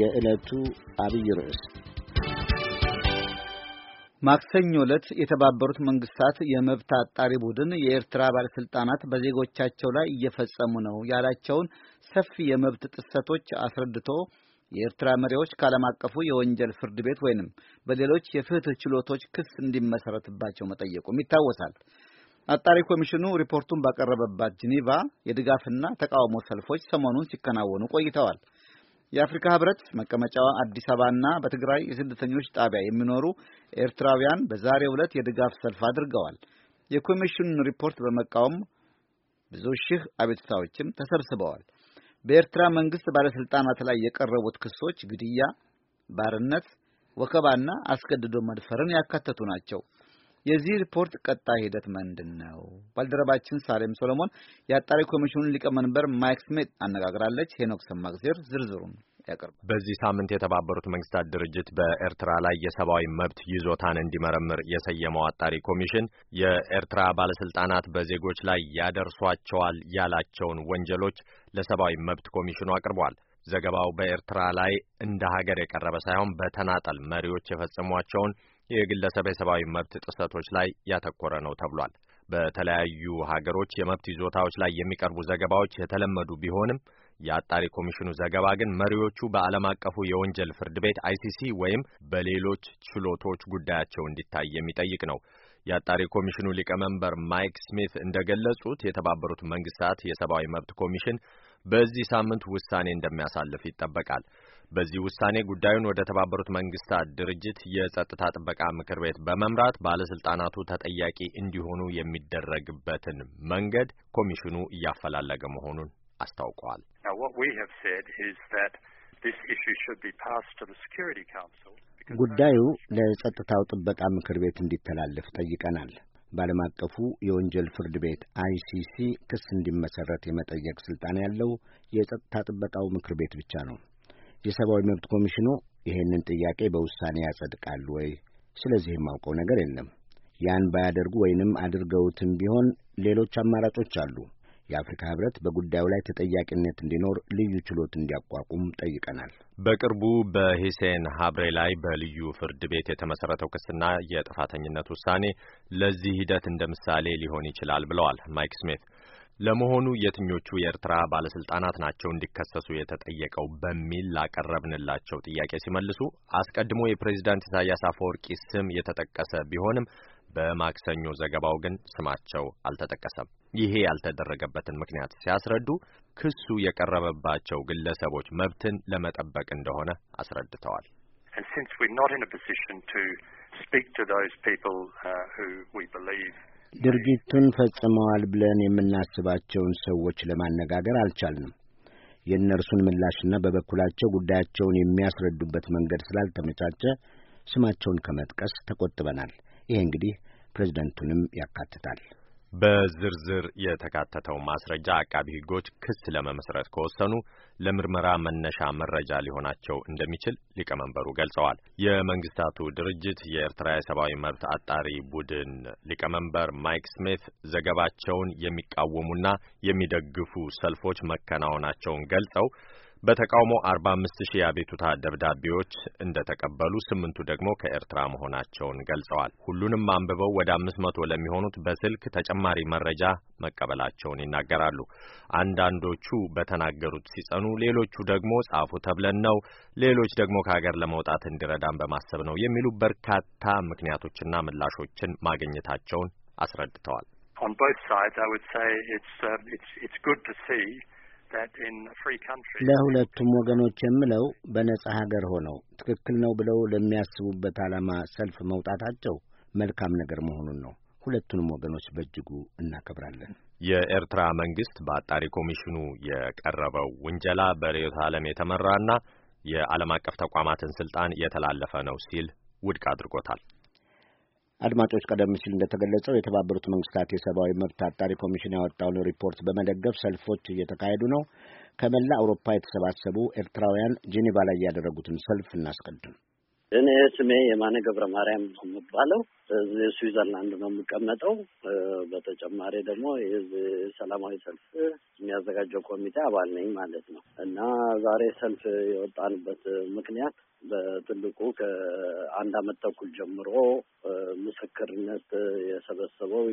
የዕለቱ አብይ ርዕስ ማክሰኞ ዕለት የተባበሩት መንግስታት የመብት አጣሪ ቡድን የኤርትራ ባለስልጣናት በዜጎቻቸው ላይ እየፈጸሙ ነው ያላቸውን ሰፊ የመብት ጥሰቶች አስረድቶ የኤርትራ መሪዎች ከዓለም አቀፉ የወንጀል ፍርድ ቤት ወይንም በሌሎች የፍትህ ችሎቶች ክስ እንዲመሰረትባቸው መጠየቁም ይታወሳል። አጣሪ ኮሚሽኑ ሪፖርቱን ባቀረበባት ጂኔቫ የድጋፍና ተቃውሞ ሰልፎች ሰሞኑን ሲከናወኑ ቆይተዋል። የአፍሪካ ህብረት መቀመጫዋ አዲስ አበባና በትግራይ የስደተኞች ጣቢያ የሚኖሩ ኤርትራውያን በዛሬ ዕለት የድጋፍ ሰልፍ አድርገዋል። የኮሚሽኑን ሪፖርት በመቃወም ብዙ ሺህ አቤቱታዎችም ተሰብስበዋል። በኤርትራ መንግስት ባለስልጣናት ላይ የቀረቡት ክሶች ግድያ፣ ባርነት፣ ወከባና አስገድዶ መድፈርን ያካተቱ ናቸው። የዚህ ሪፖርት ቀጣይ ሂደት ምንድን ነው? ባልደረባችን ሳሌም ሶሎሞን የአጣሪ ኮሚሽኑን ሊቀመንበር ማይክ ስሜት አነጋግራለች። ሄኖክ ሰማግዜር ዝርዝሩን ያቀርባል። በዚህ ሳምንት የተባበሩት መንግስታት ድርጅት በኤርትራ ላይ የሰብአዊ መብት ይዞታን እንዲመረምር የሰየመው አጣሪ ኮሚሽን የኤርትራ ባለስልጣናት በዜጎች ላይ ያደርሷቸዋል ያላቸውን ወንጀሎች ለሰብአዊ መብት ኮሚሽኑ አቅርቧል። ዘገባው በኤርትራ ላይ እንደ ሀገር የቀረበ ሳይሆን በተናጠል መሪዎች የፈጸሟቸውን የግለሰብ የሰብአዊ መብት ጥሰቶች ላይ ያተኮረ ነው ተብሏል። በተለያዩ ሀገሮች የመብት ይዞታዎች ላይ የሚቀርቡ ዘገባዎች የተለመዱ ቢሆንም የአጣሪ ኮሚሽኑ ዘገባ ግን መሪዎቹ በዓለም አቀፉ የወንጀል ፍርድ ቤት አይሲሲ ወይም በሌሎች ችሎቶች ጉዳያቸው እንዲታይ የሚጠይቅ ነው። የአጣሪ ኮሚሽኑ ሊቀመንበር ማይክ ስሚት እንደገለጹት የተባበሩት መንግስታት የሰብአዊ መብት ኮሚሽን በዚህ ሳምንት ውሳኔ እንደሚያሳልፍ ይጠበቃል። በዚህ ውሳኔ ጉዳዩን ወደ ተባበሩት መንግስታት ድርጅት የጸጥታ ጥበቃ ምክር ቤት በመምራት ባለስልጣናቱ ተጠያቂ እንዲሆኑ የሚደረግበትን መንገድ ኮሚሽኑ እያፈላለገ መሆኑን አስታውቀዋል። ጉዳዩ ለጸጥታው ጥበቃ ምክር ቤት እንዲተላለፍ ጠይቀናል። በዓለም አቀፉ የወንጀል ፍርድ ቤት አይሲሲ ክስ እንዲመሰረት የመጠየቅ ስልጣን ያለው የጸጥታ ጥበቃው ምክር ቤት ብቻ ነው። የሰብአዊ መብት ኮሚሽኑ ይህንን ጥያቄ በውሳኔ ያጸድቃል ወይ? ስለዚህ የማውቀው ነገር የለም። ያን ባያደርጉ ወይንም አድርገውትም ቢሆን ሌሎች አማራጮች አሉ። የአፍሪካ ህብረት በጉዳዩ ላይ ተጠያቂነት እንዲኖር ልዩ ችሎት እንዲያቋቁም ጠይቀናል። በቅርቡ በሂሴን ሀብሬ ላይ በልዩ ፍርድ ቤት የተመሰረተው ክስና የጥፋተኝነት ውሳኔ ለዚህ ሂደት እንደ ምሳሌ ሊሆን ይችላል ብለዋል ማይክ ስሚት። ለመሆኑ የትኞቹ የኤርትራ ባለስልጣናት ናቸው እንዲከሰሱ የተጠየቀው በሚል ላቀረብንላቸው ጥያቄ ሲመልሱ አስቀድሞ የፕሬዚዳንት ኢሳያስ አፈወርቂ ስም የተጠቀሰ ቢሆንም በማክሰኞ ዘገባው ግን ስማቸው አልተጠቀሰም። ይሄ ያልተደረገበትን ምክንያት ሲያስረዱ ክሱ የቀረበባቸው ግለሰቦች መብትን ለመጠበቅ እንደሆነ አስረድተዋል። And since we're not in a position to speak to those people uh, who we believe ድርጊቱን ፈጽመዋል ብለን የምናስባቸውን ሰዎች ለማነጋገር አልቻልንም። የእነርሱን ምላሽና በበኩላቸው ጉዳያቸውን የሚያስረዱበት መንገድ ስላልተመቻቸ ስማቸውን ከመጥቀስ ተቆጥበናል። ይሄ እንግዲህ ፕሬዝደንቱንም ያካትታል። በዝርዝር የተካተተው ማስረጃ አቃቢ ሕጎች ክስ ለመመስረት ከወሰኑ ለምርመራ መነሻ መረጃ ሊሆናቸው እንደሚችል ሊቀመንበሩ ገልጸዋል። የመንግስታቱ ድርጅት የኤርትራ የሰብአዊ መብት አጣሪ ቡድን ሊቀመንበር ማይክ ስሚት ዘገባቸውን የሚቃወሙና የሚደግፉ ሰልፎች መከናወናቸውን ገልጸው በተቃውሞ ሺህ የአቤቱታ ደብዳቤዎች እንደተቀበሉ ስምንቱ ደግሞ ከኤርትራ መሆናቸውን ገልጸዋል። ሁሉንም አንብበው ወደ 500 ለሚሆኑት በስልክ ተጨማሪ መረጃ መቀበላቸውን ይናገራሉ። አንዳንዶቹ በተናገሩት ሲጸኑ፣ ሌሎቹ ደግሞ ጻፉ ተብለን ነው፣ ሌሎች ደግሞ ከሀገር ለመውጣት እንዲረዳን በማሰብ ነው የሚሉ በርካታ ምክንያቶችና ምላሾችን ማግኘታቸውን አስረድተዋል። On both sides, I would say it's uh, it's it's good to see ለሁለቱም ወገኖች የምለው በነጻ ሀገር ሆነው ትክክል ነው ብለው ለሚያስቡበት ዓላማ ሰልፍ መውጣታቸው መልካም ነገር መሆኑን ነው። ሁለቱንም ወገኖች በእጅጉ እናከብራለን። የኤርትራ መንግስት በአጣሪ ኮሚሽኑ የቀረበው ውንጀላ በርዕዮተ ዓለም የተመራና የዓለም አቀፍ ተቋማትን ስልጣን የተላለፈ ነው ሲል ውድቅ አድርጎታል። አድማጮች፣ ቀደም ሲል እንደተገለጸው የተባበሩት መንግስታት የሰብአዊ መብት አጣሪ ኮሚሽን ያወጣውን ሪፖርት በመደገፍ ሰልፎች እየተካሄዱ ነው። ከመላ አውሮፓ የተሰባሰቡ ኤርትራውያን ጄኔቫ ላይ ያደረጉትን ሰልፍ እናስቀድም። እኔ ስሜ የማነ ገብረ ማርያም ነው የምባለው። እዚህ ስዊዘርላንድ ነው የምቀመጠው። በተጨማሪ ደግሞ የዚህ ሰላማዊ ሰልፍ የሚያዘጋጀው ኮሚቴ አባል ነኝ ማለት ነው እና ዛሬ ሰልፍ የወጣንበት ምክንያት በትልቁ ከአንድ አመት ተኩል ጀምሮ ምስክርነት የሰበሰበው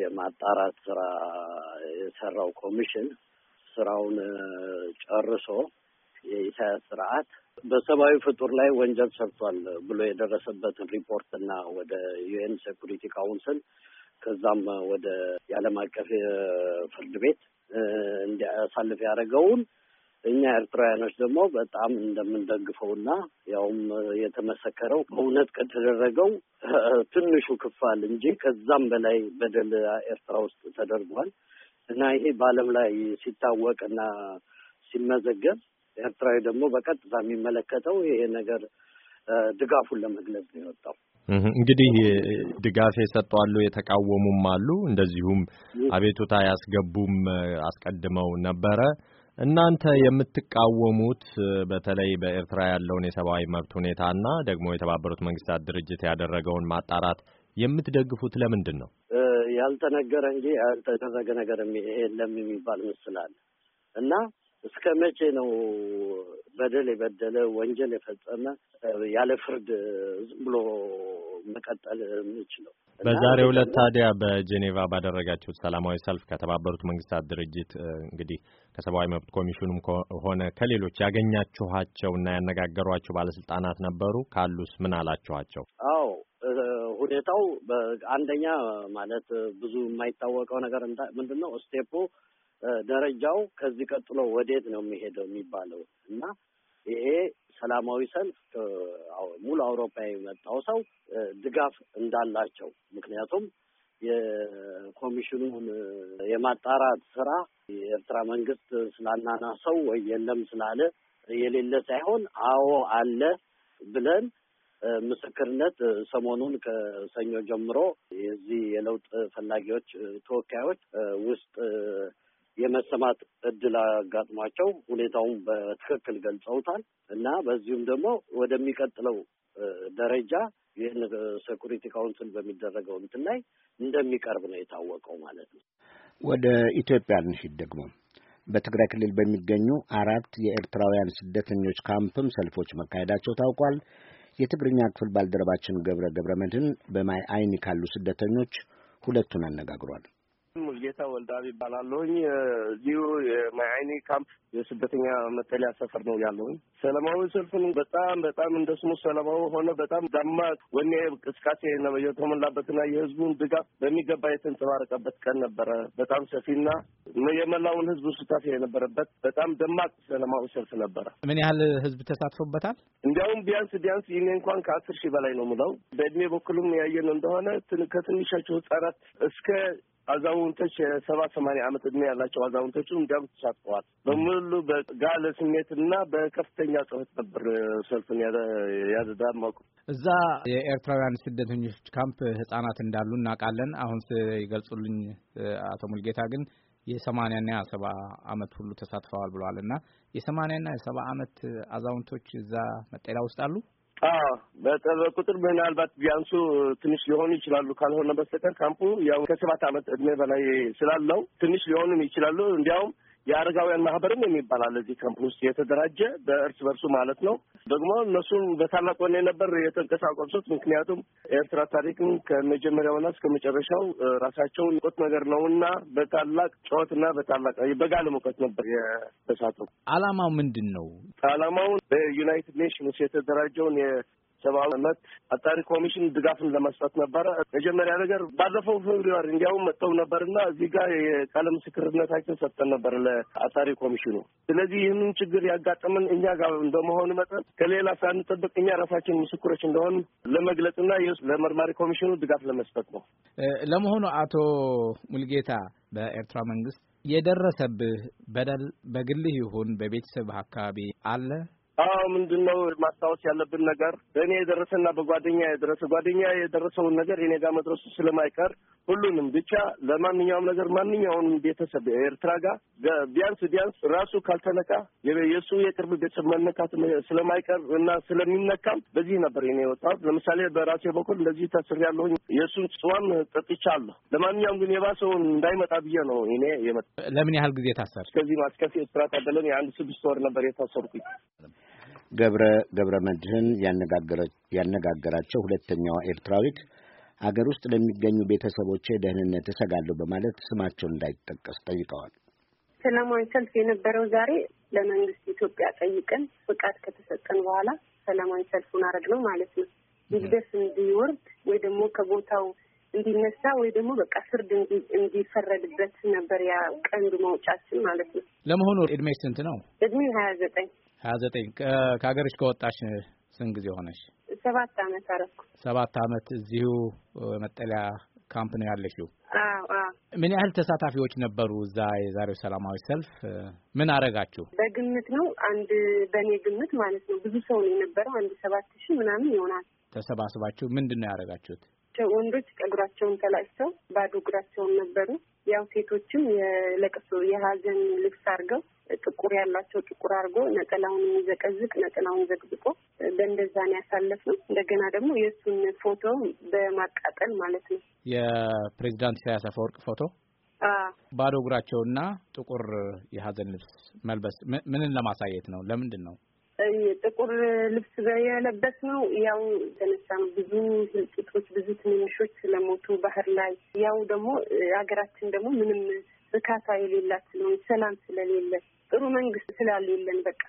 የማጣራት ስራ የሰራው ኮሚሽን ስራውን ጨርሶ የኢሳያስ ስርዓት በሰብአዊ ፍጡር ላይ ወንጀል ሰርቷል ብሎ የደረሰበትን ሪፖርት እና ወደ ዩኤን ሴኩሪቲ ካውንስል ከዛም ወደ የዓለም አቀፍ ፍርድ ቤት እንዲያሳልፍ ያደረገውን እኛ ኤርትራውያኖች ደግሞ በጣም እንደምንደግፈው እና ያውም የተመሰከረው በእውነት ከተደረገው ትንሹ ክፋል እንጂ ከዛም በላይ በደል ኤርትራ ውስጥ ተደርጓል እና ይሄ በዓለም ላይ ሲታወቅና ሲመዘገብ ኤርትራዊ ደግሞ በቀጥታ የሚመለከተው ይሄ ነገር ድጋፉን ለመግለጽ ነው የወጣው። እንግዲህ ድጋፍ የሰጡ አሉ፣ የተቃወሙም አሉ፣ እንደዚሁም አቤቱታ ያስገቡም አስቀድመው ነበረ። እናንተ የምትቃወሙት በተለይ በኤርትራ ያለውን የሰብአዊ መብት ሁኔታና ደግሞ የተባበሩት መንግስታት ድርጅት ያደረገውን ማጣራት የምትደግፉት ለምንድን ነው? ያልተነገረ እንጂ ያልተደረገ ነገር የለም የሚባል ምስል አለ እና እስከ መቼ ነው በደል የበደለ ወንጀል የፈጸመ ያለ ፍርድ ዝም ብሎ መቀጠል የሚችለው? በዛሬ ዕለት ታዲያ በጄኔቫ ባደረጋችሁት ሰላማዊ ሰልፍ ከተባበሩት መንግስታት ድርጅት እንግዲህ ከሰብአዊ መብት ኮሚሽኑም ሆነ ከሌሎች ያገኛችኋቸው እና ያነጋገሯቸው ባለስልጣናት ነበሩ? ካሉስ ምን አላችኋቸው? አዎ ሁኔታው አንደኛ ማለት ብዙ የማይታወቀው ነገር ምንድን ነው ስቴፑ ደረጃው ከዚህ ቀጥሎ ወዴት ነው የሚሄደው የሚባለው እና ይሄ ሰላማዊ ሰልፍ ሙሉ አውሮፓ የመጣው ሰው ድጋፍ እንዳላቸው ምክንያቱም የኮሚሽኑን የማጣራት ስራ የኤርትራ መንግስት ስላናናሰው ወይ የለም ስላለ የሌለ ሳይሆን አዎ አለ ብለን ምስክርነት ሰሞኑን ከሰኞ ጀምሮ የዚህ የለውጥ ፈላጊዎች ተወካዮች ውስጥ የመሰማት እድል አጋጥሟቸው ሁኔታውን በትክክል ገልጸውታል እና በዚሁም ደግሞ ወደሚቀጥለው ደረጃ ይህን ሴኩሪቲ ካውንስል በሚደረገው እንትን ላይ እንደሚቀርብ ነው የታወቀው ማለት ነው። ወደ ኢትዮጵያ እንሂድ ደግሞ በትግራይ ክልል በሚገኙ አራት የኤርትራውያን ስደተኞች ካምፕም ሰልፎች መካሄዳቸው ታውቋል። የትግርኛ ክፍል ባልደረባችን ገብረ ገብረ መድህን በማይ አይኒ ካሉ ስደተኞች ሁለቱን አነጋግሯል። ሙልጌታ ወልዳብ ይባላለሁኝ። እዚሁ የማይአይኒ ካምፕ የስደተኛ መጠለያ ሰፈር ነው ያለሁኝ። ሰላማዊ ሰልፍን በጣም በጣም እንደ ስሙ ሰላማዊ ሆነ። በጣም ደማቅ ወኔ እንቅስቃሴ የተሞላበትና የህዝቡን ድጋፍ በሚገባ የተንጸባረቀበት ቀን ነበረ። በጣም ሰፊና የመላውን ህዝብ ሱታፊ የነበረበት በጣም ደማቅ ሰላማዊ ሰልፍ ነበረ። ምን ያህል ህዝብ ተሳትፎበታል? እንዲያውም ቢያንስ ቢያንስ ይኔ እንኳን ከአስር ሺህ በላይ ነው ምለው በእድሜ በኩልም ያየን እንደሆነ ከትንሻቸው ህጻናት እስከ አዛውንቶች የሰባ ሰማንያ ዓመት እድሜ ያላቸው አዛውንቶቹ እንዲያም ተሳትፈዋል። በሙሉ በጋለ ስሜትና በከፍተኛ ጽፈት ነበር ሰልፍን ያደዳ ማውቁ እዛ የኤርትራውያን ስደተኞች ካምፕ ህጻናት እንዳሉ እናውቃለን። አሁን ይገልጹልኝ አቶ ሙልጌታ ግን የሰማንያና የሰባ ዓመት ሁሉ ተሳትፈዋል ብለዋል እና የሰማንያና የሰባ ዓመት አዛውንቶች እዛ መጠለያ ውስጥ አሉ። በቁጥር ምናልባት ቢያንሱ ትንሽ ሊሆኑ ይችላሉ። ካልሆነ በስተቀር ካምፑ ያው ከሰባት ዓመት እድሜ በላይ ስላለው ትንሽ ሊሆኑ ይችላሉ። እንዲያውም የአረጋውያን ማህበርም የሚባል አለ እዚህ ካምፕ ውስጥ የተደራጀ በእርስ በርሱ ማለት ነው። ደግሞ እነሱን በታላቅ ወኔ ነበር የተንቀሳቀሱት። ምክንያቱም ኤርትራ ታሪክም ከመጀመሪያውና እስከ መጨረሻው ራሳቸውን ቁት ነገር ነውና በታላቅ ጨዋትና በታላቅ በጋለ ሙቀት ነበር የተሳተፉ። አላማው ምንድን ነው? አላማውን በዩናይትድ ኔሽንስ የተደራጀውን ሰብአዊ መብት አጣሪ ኮሚሽን ድጋፍን ለመስጠት ነበረ። መጀመሪያ ነገር ባለፈው ፌብሪዋሪ እንዲያውም መጥተው ነበርና እዚህ ጋር የቃለ ምስክርነታችን ሰጥተን ነበር ለአጣሪ ኮሚሽኑ። ስለዚህ ይህንን ችግር ያጋጠምን እኛ ጋር እንደመሆኑ መጠን ከሌላ ሳንጠብቅ እኛ ራሳችን ምስክሮች እንደሆን ለመግለጽና ለመርማሪ ኮሚሽኑ ድጋፍ ለመስጠት ነው። ለመሆኑ አቶ ሙልጌታ በኤርትራ መንግስት የደረሰብህ በደል በግልህ ይሁን በቤተሰብ አካባቢ አለ? አዎ ምንድን ነው ማስታወስ ያለብን ነገር በእኔ የደረሰና በጓደኛ የደረሰ ጓደኛ የደረሰውን ነገር የኔ ጋር መድረሱ ስለማይቀር ሁሉንም ብቻ ለማንኛውም ነገር ማንኛውንም ቤተሰብ ኤርትራ ጋር ቢያንስ ቢያንስ ራሱ ካልተነካ የእሱ የቅርብ ቤተሰብ መነካት ስለማይቀር እና ስለሚነካም በዚህ ነበር እኔ ወጣት። ለምሳሌ በራሴ በኩል እንደዚህ ታስሬያለሁኝ። የእሱን ጽዋም ጠጥቻለሁ። ለማንኛውም ግን የባሰውን እንዳይመጣ ብዬ ነው እኔ የመጣ። ለምን ያህል ጊዜ ታሰር? እስከዚህ ማስከፊ ኤርትራ ታደለን የአንድ ስድስት ወር ነበር የታሰርኩኝ። ገብረ ገብረ መድህን ያነጋገራቸው ሁለተኛዋ ኤርትራዊት አገር ውስጥ ለሚገኙ ቤተሰቦቼ ደህንነት እሰጋለሁ በማለት ስማቸው እንዳይጠቀስ ጠይቀዋል። ሰላማዊ ሰልፍ የነበረው ዛሬ ለመንግስት ኢትዮጵያ ጠይቀን ፍቃድ ከተሰጠን በኋላ ሰላማዊ ሰልፉን አረግ ነው ማለት ነው። ይግደፍ እንዲወርድ ወይ ደግሞ ከቦታው እንዲነሳ ወይ ደግሞ በቃ ፍርድ እንዲፈረድበት ነበር ያ ቀንዱ መውጫችን ማለት ነው። ለመሆኑ እድሜ ስንት ነው? እድሜ ሀያ ዘጠኝ ሀያ ዘጠኝ ከሀገርሽ ከወጣሽ ስንት ጊዜ ሆነሽ? ሰባት አመት አረኩ። ሰባት አመት እዚሁ መጠለያ ካምፕ ነው ያለሽው? ምን ያህል ተሳታፊዎች ነበሩ እዛ የዛሬው ሰላማዊ ሰልፍ? ምን አረጋችሁ? በግምት ነው አንድ በእኔ ግምት ማለት ነው ብዙ ሰው ነው የነበረው አንድ ሰባት ሺህ ምናምን ይሆናል። ተሰባስባችሁ ምንድን ነው ያደረጋችሁት? ወንዶች ጸጉራቸውን ተላጭተው ባዶ እግራቸውን ነበሩ። ያው ሴቶችም የለቅሶ የሀዘን ልብስ አድርገው ጥቁር ያላቸው ጥቁር አድርጎ ነጠላውን የሚዘቀዝቅ ነጠላውን ዘቅዝቆ በእንደዛ ነው ያሳለፍነው። እንደገና ደግሞ የእሱን ፎቶ በማቃጠል ማለት ነው የፕሬዚዳንት ኢሳያስ አፈወርቅ ፎቶ ባዶ እግራቸውና ጥቁር የሀዘን ልብስ መልበስ ምንን ለማሳየት ነው? ለምንድን ነው? ጥቁር ልብስ የለበስ ነው። ያው የተነሳም ብዙ ህልቂቶች፣ ብዙ ትንንሾች ስለሞቱ ባህር ላይ ያው ደግሞ ሀገራችን ደግሞ ምንም እርካታ የሌላት ስለሆነ ሰላም ስለሌለ ጥሩ መንግስት ስላልየለን በቃ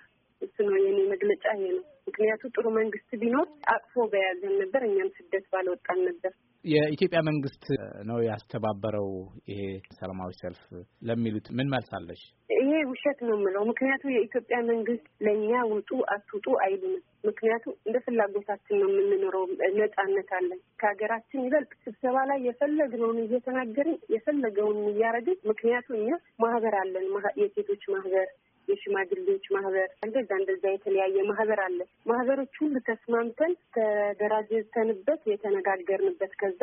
እሱ ነው የኔ መግለጫ ይሄ ነው። ምክንያቱ ጥሩ መንግስት ቢኖር አቅፎ በያዘን ነበር፣ እኛም ስደት ባልወጣን ነበር። የኢትዮጵያ መንግስት ነው ያስተባበረው ይሄ ሰላማዊ ሰልፍ ለሚሉት ምን መልሳለሽ? ይሄ ውሸት ነው የምለው። ምክንያቱ የኢትዮጵያ መንግስት ለእኛ ውጡ አትውጡ አይሉንም። ምክንያቱ እንደ ፍላጎታችን ነው የምንኖረው፣ ነጻነት አለን። ከሀገራችን ይበልጥ ስብሰባ ላይ የፈለግነውን እየተናገርን የፈለገውን እያረግን፣ ምክንያቱ እኛ ማህበር አለን፣ የሴቶች ማህበር የሽማግሌዎች ማህበር እንደዛ እንደዛ የተለያየ ማህበር አለ። ማህበሮች ሁሉ ተስማምተን ተደራጀተንበት የተነጋገርንበት ከዛ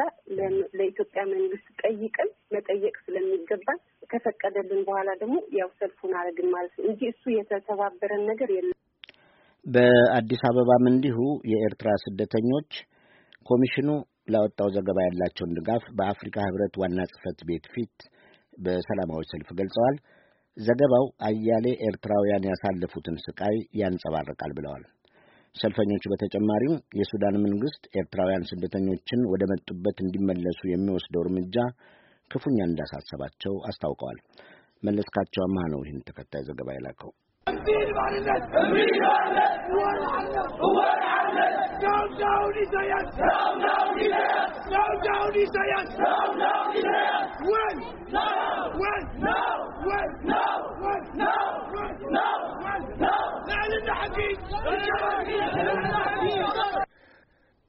ለኢትዮጵያ መንግስት ጠይቅን መጠየቅ ስለሚገባ ከፈቀደልን በኋላ ደግሞ ያው ሰልፉን አረግን ማለት ነው እንጂ እሱ የተተባበረን ነገር የለም። በአዲስ አበባም እንዲሁ የኤርትራ ስደተኞች ኮሚሽኑ ላወጣው ዘገባ ያላቸውን ድጋፍ በአፍሪካ ህብረት ዋና ጽህፈት ቤት ፊት በሰላማዊ ሰልፍ ገልጸዋል። ዘገባው አያሌ ኤርትራውያን ያሳለፉትን ስቃይ ያንጸባርቃል ብለዋል። ሰልፈኞቹ በተጨማሪም የሱዳን መንግሥት ኤርትራውያን ስደተኞችን ወደ መጡበት እንዲመለሱ የሚወስደው እርምጃ ክፉኛ እንዳሳሰባቸው አስታውቀዋል። መለስካቸው አማህ ነው ይህን ተከታይ ዘገባ የላከው።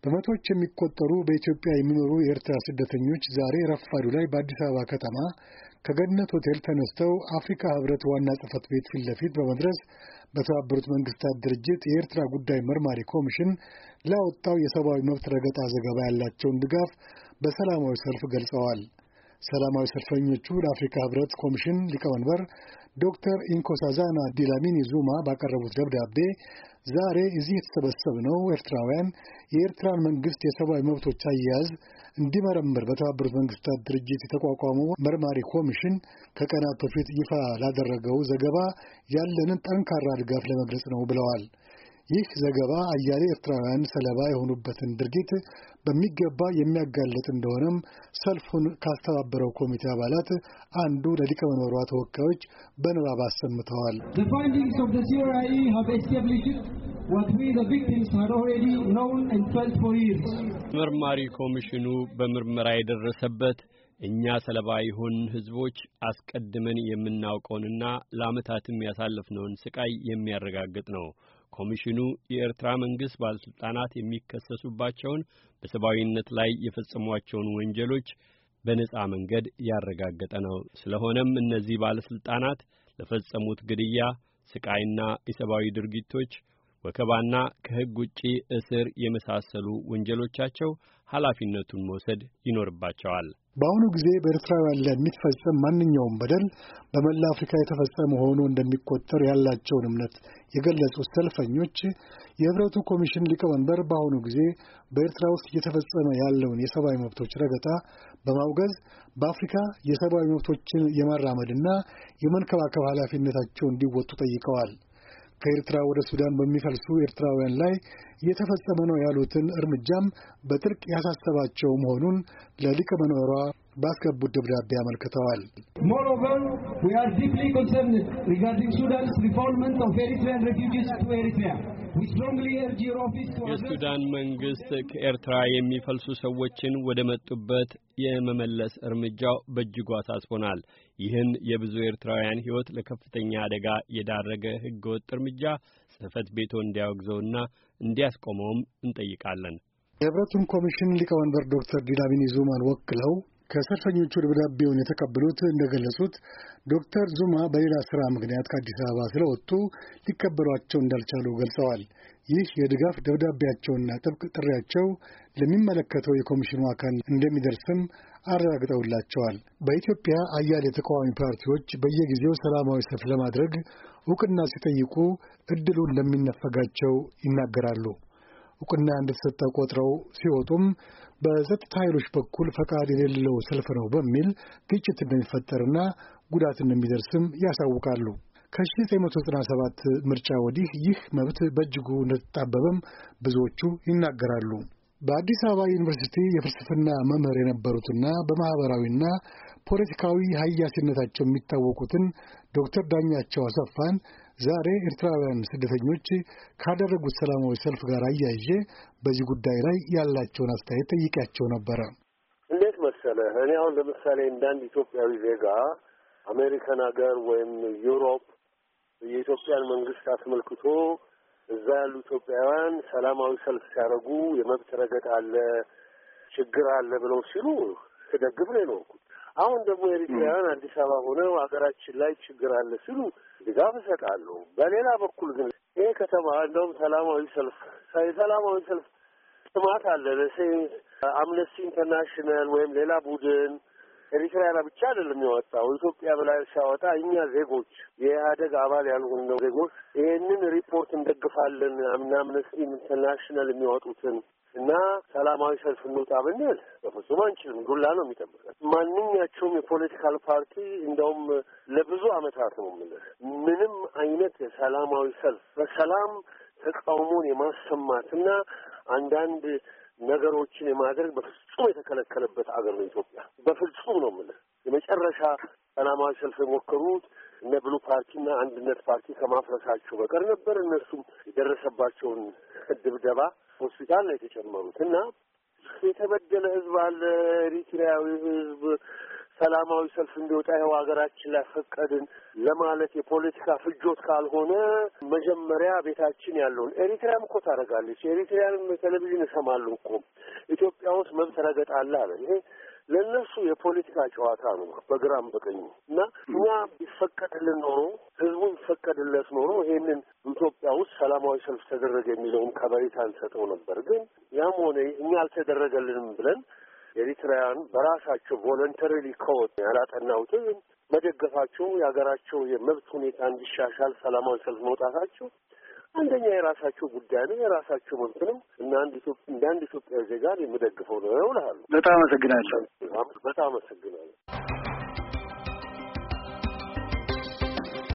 በመቶዎች የሚቆጠሩ በኢትዮጵያ የሚኖሩ የኤርትራ ስደተኞች ዛሬ ረፋዱ ላይ በአዲስ አበባ ከተማ ከገነት ሆቴል ተነስተው አፍሪካ ህብረት ዋና ጽህፈት ቤት ፊት ለፊት በመድረስ በተባበሩት መንግስታት ድርጅት የኤርትራ ጉዳይ መርማሪ ኮሚሽን ላወጣው የሰብአዊ መብት ረገጣ ዘገባ ያላቸውን ድጋፍ በሰላማዊ ሰልፍ ገልጸዋል። ሰላማዊ ሰልፈኞቹ ለአፍሪካ ህብረት ኮሚሽን ሊቀመንበር ዶክተር ኢንኮሳዛና ዲላሚኒ ዙማ ባቀረቡት ደብዳቤ ዛሬ እዚህ የተሰበሰብነው ኤርትራውያን የኤርትራን መንግስት የሰብአዊ መብቶች አያያዝ እንዲመረምር በተባበሩት መንግስታት ድርጅት የተቋቋመው መርማሪ ኮሚሽን ከቀናት በፊት ይፋ ላደረገው ዘገባ ያለንን ጠንካራ ድጋፍ ለመግለጽ ነው ብለዋል። ይህ ዘገባ አያሌ ኤርትራውያን ሰለባ የሆኑበትን ድርጊት በሚገባ የሚያጋልጥ እንደሆነም ሰልፉን ካስተባበረው ኮሚቴ አባላት አንዱ ለሊቀመንበሯ ተወካዮች በንባብ አሰምተዋል። መርማሪ ኮሚሽኑ በምርመራ የደረሰበት እኛ ሰለባ የሆን ህዝቦች አስቀድመን የምናውቀውንና ለአመታትም ያሳለፍነውን ስቃይ የሚያረጋግጥ ነው። ኮሚሽኑ የኤርትራ መንግስት ባለስልጣናት የሚከሰሱባቸውን በሰብአዊነት ላይ የፈጸሟቸውን ወንጀሎች በነጻ መንገድ ያረጋገጠ ነው። ስለሆነም እነዚህ ባለስልጣናት ለፈጸሙት ግድያ፣ ስቃይና የሰብአዊ ድርጊቶች ወከባና ከሕግ ውጪ እስር የመሳሰሉ ወንጀሎቻቸው ኃላፊነቱን መውሰድ ይኖርባቸዋል። በአሁኑ ጊዜ በኤርትራውያን ላይ የሚፈጸም ማንኛውም በደል በመላ አፍሪካ የተፈጸመ ሆኖ እንደሚቆጠር ያላቸውን እምነት የገለጹት ሰልፈኞች የህብረቱ ኮሚሽን ሊቀመንበር በአሁኑ ጊዜ በኤርትራ ውስጥ እየተፈጸመ ያለውን የሰብአዊ መብቶች ረገጣ በማውገዝ በአፍሪካ የሰብአዊ መብቶችን የማራመድና የመንከባከብ ኃላፊነታቸው እንዲወጡ ጠይቀዋል። ከኤርትራ ወደ ሱዳን በሚፈልሱ ኤርትራውያን ላይ እየተፈጸመ ነው ያሉትን እርምጃም በጥልቅ ያሳሰባቸው መሆኑን ለሊቀመንበሯ ባስገቡት ደብዳቤ አመልክተዋል። የሱዳን መንግስት ከኤርትራ የሚፈልሱ ሰዎችን ወደ መጡበት የመመለስ እርምጃው በእጅጉ አሳስቦናል። ይህን የብዙ ኤርትራውያን ሕይወት ለከፍተኛ አደጋ የዳረገ ህገወጥ እርምጃ ጽህፈት ቤቶ እንዲያወግዘውና እንዲያስቆመውም እንጠይቃለን። የህብረቱን ኮሚሽን ሊቀመንበር ዶክተር ዲላሚኒ ዙማን ወክለው ከሰልፈኞቹ ደብዳቤውን የተቀበሉት እንደገለጹት ዶክተር ዙማ በሌላ ስራ ምክንያት ከአዲስ አበባ ስለወጡ ሊቀበሏቸው እንዳልቻሉ ገልጸዋል። ይህ የድጋፍ ደብዳቤያቸውና ጥብቅ ጥሪያቸው ለሚመለከተው የኮሚሽኑ አካል እንደሚደርስም አረጋግጠውላቸዋል። በኢትዮጵያ አያሌ ተቃዋሚ ፓርቲዎች በየጊዜው ሰላማዊ ሰልፍ ለማድረግ እውቅና ሲጠይቁ እድሉን ለሚነፈጋቸው ይናገራሉ። እውቅና እንደተሰጠ ቆጥረው ሲወጡም በጸጥታ ኃይሎች በኩል ፈቃድ የሌለው ሰልፍ ነው በሚል ግጭት እንደሚፈጠርና ጉዳት እንደሚደርስም ያሳውቃሉ። ከ1997 ምርጫ ወዲህ ይህ መብት በእጅጉ እንደተጣበበም ብዙዎቹ ይናገራሉ። በአዲስ አበባ ዩኒቨርሲቲ የፍልስፍና መምህር የነበሩትና በማኅበራዊና ፖለቲካዊ ሀያሲነታቸው የሚታወቁትን ዶክተር ዳኛቸው አሰፋን ዛሬ ኤርትራውያን ስደተኞች ካደረጉት ሰላማዊ ሰልፍ ጋር አያይዤ በዚህ ጉዳይ ላይ ያላቸውን አስተያየት ጠይቄያቸው ነበረ። እንዴት መሰለህ፣ እኔ አሁን ለምሳሌ እንዳንድ ኢትዮጵያዊ ዜጋ አሜሪካን ሀገር ወይም ዩሮፕ የኢትዮጵያን መንግስት አስመልክቶ እዛ ያሉ ኢትዮጵያውያን ሰላማዊ ሰልፍ ሲያደርጉ የመብት ረገጥ አለ፣ ችግር አለ ብለው ሲሉ ስደግፍ ነው የኖርኩት። አሁን ደግሞ ኤሪትራውያን አዲስ አበባ ሆነው ሀገራችን ላይ ችግር አለ ሲሉ ድጋፍ እሰጣለሁ። በሌላ በኩል ግን ይሄ ከተማ እንደውም ሰላማዊ ሰልፍ ሰላማዊ ሰልፍ ጥማት አለ ለሴ አምነስቲ ኢንተርናሽናል ወይም ሌላ ቡድን ኤሪትሪያና ብቻ አይደለም የወጣው ኢትዮጵያ ብላ ሲያወጣ እኛ ዜጎች የኢህአደግ አባል ነው ዜጎች ይሄንን ሪፖርት እንደግፋለን አምናምነስቲ ኢንተርናሽናል የሚወጡትን እና ሰላማዊ ሰልፍ እንውጣ ብንል በፍጹም አንችልም። ዱላ ነው የሚጠብቀን። ማንኛቸውም የፖለቲካል ፓርቲ እንደውም ለብዙ አመታት ነው የምልህ ምንም አይነት የሰላማዊ ሰልፍ በሰላም ተቃውሞን የማሰማትና አንዳንድ ነገሮችን የማድረግ በፍጹም የተከለከለበት አገር ነው ኢትዮጵያ። በፍጹም ነው የምልህ። የመጨረሻ ሰላማዊ ሰልፍ የሞከሩት እነ ብሉ ፓርቲና አንድነት ፓርቲ ከማፍረሳቸው በቀር ነበር። እነሱም የደረሰባቸውን ድብደባ ሆስፒታል ነው የተጨመሩት እና የተበደለ ህዝብ አለ። ኤሪትሪያዊ ህዝብ ሰላማዊ ሰልፍ እንዲወጣ ይኸው ሀገራችን ላይ ፈቀድን ለማለት የፖለቲካ ፍጆት ካልሆነ መጀመሪያ ቤታችን ያለውን ኤሪትሪያም እኮ ታደርጋለች። ኤሪትሪያንም ቴሌቪዥን እሰማለሁ እኮ ኢትዮጵያ ውስጥ መብት ረገጣ አለ ይሄ ለእነሱ የፖለቲካ ጨዋታ ነው፣ በግራም በቀኝ እና እኛ ቢፈቀድልን ኖሮ ህዝቡ ቢፈቀድለት ኖሮ ይሄንን ኢትዮጵያ ውስጥ ሰላማዊ ሰልፍ ተደረገ የሚለውም ከበሬታ እንሰጠው ነበር። ግን ያም ሆነ እኛ አልተደረገልንም ብለን ኤሪትራውያን በራሳቸው ቮለንተሪሊ ከወጡ ያላጠናሁትን መደገፋቸው የሀገራቸው የመብት ሁኔታ እንዲሻሻል ሰላማዊ ሰልፍ መውጣታቸው አንደኛ የራሳቸው ጉዳይ ነው፣ የራሳቸው መብት ነው እና እንደ አንድ ኢትዮጵያ ዜጋ የምደግፈው ነው ይውልሃሉ። በጣም አመሰግናለሁ። በጣም አመሰግናለሁ።